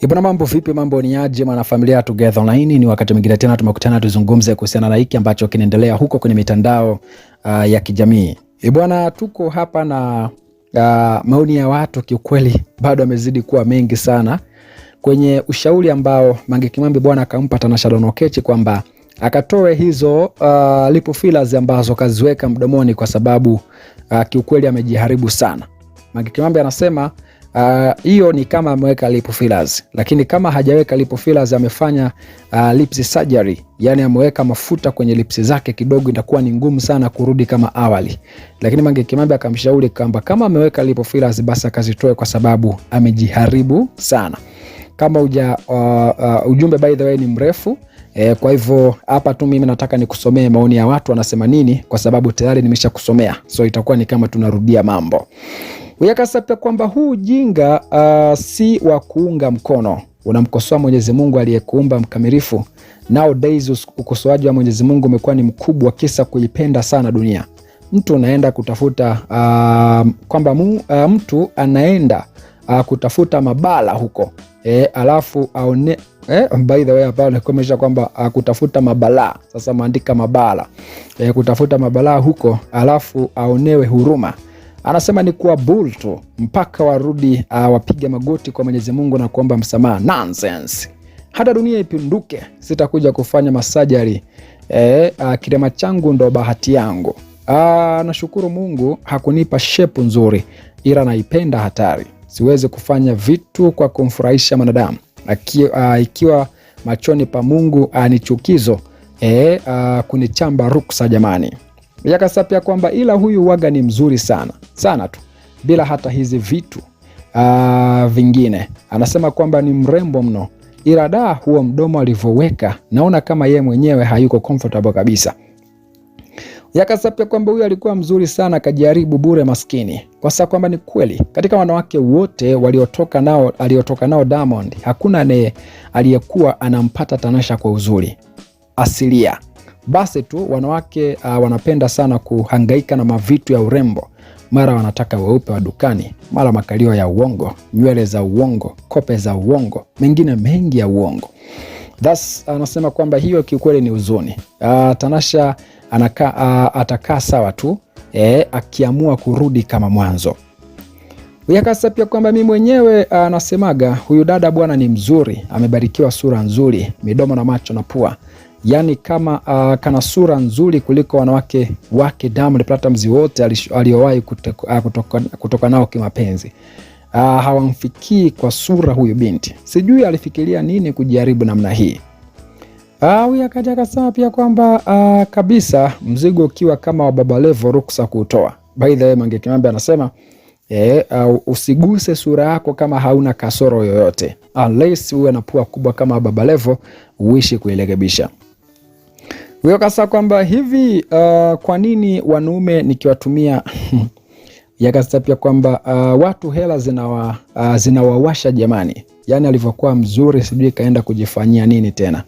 Ibona, mambo vipi? Mambo ni aje, mwana familia Together Online? Ni wakati mwingine tena tumekutana tuzungumze kuhusiana na hiki ambacho kinaendelea huko kwenye mitandao uh, ya kijamii. Ibona, eh, tuko hapa na uh, maoni ya watu kiukweli bado amezidi kuwa mengi sana kwenye ushauri ambao Mange Kimambi bwana akampa Tanasha Donna Okeche kwamba akatoe hizo uh, lip fillers ambazo kaziweka mdomoni kwa sababu uh, kiukweli amejiharibu sana. Mange Kimambi anasema Ah, hiyo uh, ni kama ameweka lip fillers, lakini kama hajaweka lip fillers amefanya uh, lips surgery, yani ameweka mafuta kwenye lips zake kidogo, itakuwa ni ngumu sana kurudi kama awali. Lakini Mange Kimambi akamshauri kwamba kama ameweka lip fillers basi akazitoe kwa sababu amejiharibu sana. Kama uja, uh, uh, ujumbe by the way ni mrefu e, kwa hivyo hapa tu mimi nataka nikusomee maoni ya watu wanasema nini, kwa sababu tayari nimesha kusomea, so itakuwa ni kama tunarudia mambo. Yakasape kwamba huu ujinga uh, si wa kuunga mkono, unamkosoa Mwenyezi Mungu aliyekuumba mkamilifu. Nao days ukosoaji wa Mwenyezi Mungu umekuwa ni mkubwa, kisa kuipenda sana dunia. Mtu unaenda kutafuta uh, kwamba mu, uh, mtu anaenda uh, kutafuta mabala huko e, alafu aone Eh, by the way hapa nakomesha kwamba uh, kutafuta mabala sasa, maandika mabala e, kutafuta mabala huko, alafu aonewe huruma anasema ni kuabul tu mpaka warudi uh, ah, wapiga magoti kwa Mwenyezi Mungu na kuomba msamaha. Nonsense, hata dunia ipinduke sitakuja kufanya masajari eh, uh, ah, kirema changu ndo bahati yangu. Uh, nashukuru Mungu hakunipa shepu nzuri, ila naipenda hatari. Siwezi kufanya vitu kwa kumfurahisha mwanadamu uh, ikiwa machoni pa Mungu uh, ni chukizo eh, uh, kunichamba ruksa jamani yakasapia kwamba ila huyu waga ni mzuri sana sana tu, bila hata hizi vitu aa, ah, vingine. Anasema kwamba ni mrembo mno, ila da, huo mdomo alivyoweka naona kama ye mwenyewe hayuko comfortable kabisa. yakasapia kwamba huyu alikuwa mzuri sana, akajaribu bure maskini, kwa sababu kwamba ni kweli katika wanawake wote waliotoka nao, aliotoka nao Diamond hakuna ne aliyekuwa anampata Tanasha kwa uzuri asilia. Basi tu wanawake uh, wanapenda sana kuhangaika na mavitu ya urembo, mara wanataka weupe wa dukani, mara makalio ya uongo, nywele za uongo, kope za uongo, mengine mengi ya uongo. Thus anasema kwamba hiyo kiukweli ni huzuni. Uh, Tanasha anaka, uh, atakaa sawa tu eh, akiamua kurudi kama mwanzo. Yakasa pia kwamba mi mwenyewe anasemaga, uh, huyu dada bwana ni mzuri, amebarikiwa sura nzuri, midomo na macho na pua yani kama uh, kana sura nzuri kuliko wanawake wake Diamond Platnumz wote aliyowahi kutoka, uh, kutoka, kutoka nao kimapenzi. Uh, hawamfikii kwa sura huyu binti, sijui alifikiria nini kujaribu namna hii. Uh, huyu akaja akasema pia kwamba uh, kabisa mzigo ukiwa kama wa Baba Levo ruksa kuutoa. By the way, Mange Kimambi anasema E, uh, usiguse sura yako kama hauna kasoro yoyote, unless uwe na pua kubwa kama Baba Levo uishi kuirekebisha kasa kwamba hivi uh, kwa nini wanaume nikiwatumia yakasema pia kwamba uh, watu hela zinawa, uh, zinawawasha jamani, yaani alivyokuwa mzuri, sijui kaenda kujifanyia nini tena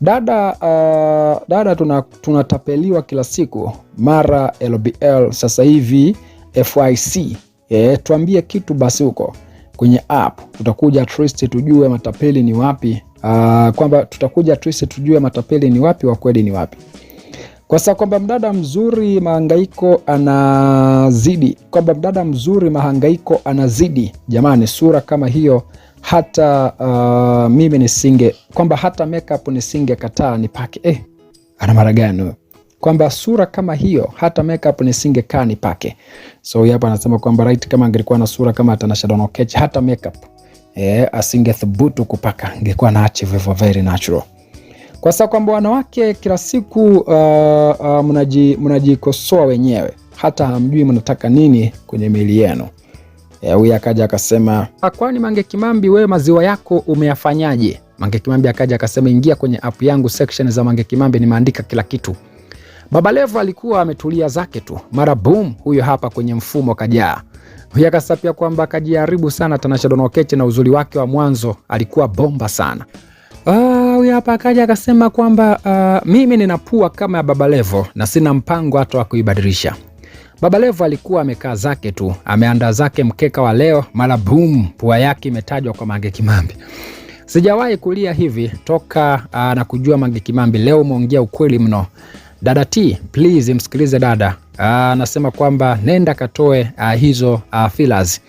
dada. Uh, dada tunatapeliwa kila siku mara LBL, sasa hivi FIC. eh, tuambie kitu basi huko kwenye app, tutakuja at least tujue matapeli ni wapi Uh, kwamba tutakuja at least tujue matapeli ni wapi, wa kweli ni wapi. Kwa sasa kwamba mdada mzuri mahangaiko anazidi, kwamba mdada mzuri mahangaiko anazidi. Jamani, sura kama hiyo hata uh, mimi nisinge, kwamba hata makeup nisinge kataa nipake. Eh, ana mara gani huyo? kwamba sura kama hiyo hata makeup nisingekaa nipake. So huyu hapa anasema kwamba right, kama angelikuwa na sura kama Tanasha Donna Oketch hata makeup eh, asingethubutu kupaka, angekuwa na achieve for very natural. Kwa sababu kwamba wanawake kila siku uh, uh, mnaji mnajikosoa wenyewe, hata hamjui mnataka nini kwenye miili yenu. Eh, Huyu akaja akasema, ah, kwani Mange Kimambi, wewe maziwa yako umeyafanyaje? Mange Kimambi akaja akasema, ingia kwenye app yangu, section za Mange Kimambi nimeandika kila kitu. Baba Levo alikuwa ametulia zake tu, mara boom, huyo hapa kwenye mfumo kajaa. Huyo akasapia kwamba kajiharibu sana Tanasha Donokeche na uzuri wake wa mwanzo alikuwa bomba sana. Ah, Huyu hapa akaja akasema kwamba uh, mimi nina pua kama ya Baba Levo na sina mpango hata wa kuibadilisha. Baba Levo alikuwa amekaa zake tu, ameandaa zake mkeka wa leo, mara boom, pua yake imetajwa kwa Mange Kimambi. Sijawahi kulia hivi toka uh, na kujua Mange Kimambi. Leo umeongea ukweli mno. Dada T please msikilize dada, ah, anasema kwamba nenda katoe a, ah, hizo a, ah, fillers.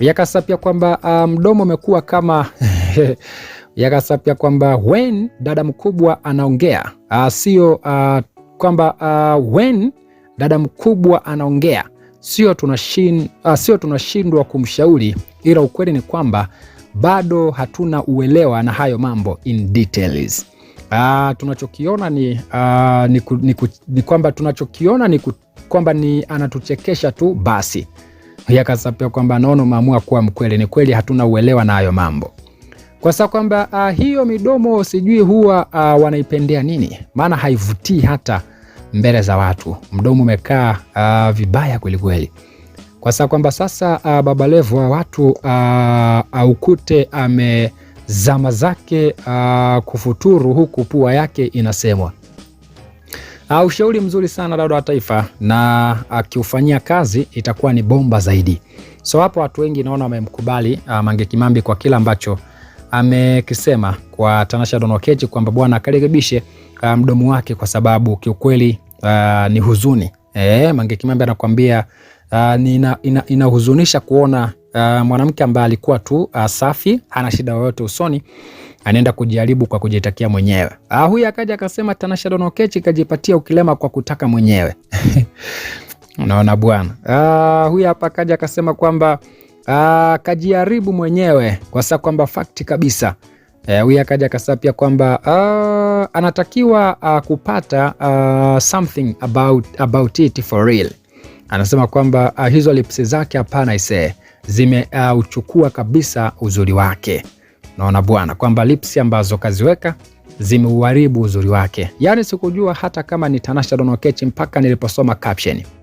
Yakasapia kwamba mdomo umekuwa kama pia kwamba when dada mkubwa anaongea sio kwamba uh, when dada mkubwa anaongea sio tunashin, uh, sio tunashindwa kumshauri, ila ukweli ni kwamba bado hatuna uelewa na hayo mambo in details. Uh, tunachokiona ni, uh, ni, ku, ni, ku, ni kwamba tunachokiona ni ku, kwamba ni anatuchekesha tu basi. Yakasapia kwamba naona umeamua kuwa mkweli. Ni kweli hatuna uelewa na hayo mambo kwa sababu kwamba uh, hiyo midomo sijui huwa uh, wanaipendea nini, maana haivutii hata mbele za watu. Mdomo umekaa uh, vibaya kweli kweli, kwa sababu kwamba sasa uh, Baba Levo wa watu uh, aukute ame zama zake uh, kufuturu huku pua yake inasemwa. Uh, ushauri mzuri sana dada wa taifa, na akiufanyia uh, kazi itakuwa ni bomba zaidi. So hapo watu wengi naona wamemkubali uh, Mange Kimambi kwa kila ambacho amekisema kwa Tanasha Donokechi kwamba bwana akarekebishe uh, mdomo wake kwa sababu kiukweli uh, ni huzuni. E, Mange Kimambi anakuambia uh, ina, ina, inahuzunisha kuona uh, mwanamke ambaye alikuwa tu uh, safi, hana shida yoyote usoni, anaenda kujaribu kwa kujitakia mwenyewe. uh, huyu akaja akasema Tanasha Donna kajipatia ukilema kwa kutaka mwenyewe unaona bwana. Uh, huyu hapa akaja akasema kwamba uh, ah, kajiharibu mwenyewe kwa sababu kwamba fakti kabisa eh, huyu akaja akasema pia kwamba uh, anatakiwa uh, kupata uh, something about, about it for real. Anasema kwamba uh, hizo lips zake hapana isee zimeuchukua uh, kabisa uzuri wake. Naona bwana kwamba lipsi ambazo kaziweka zimeuharibu uzuri wake, yaani sikujua hata kama ni Tanasha Donokechi mpaka niliposoma caption.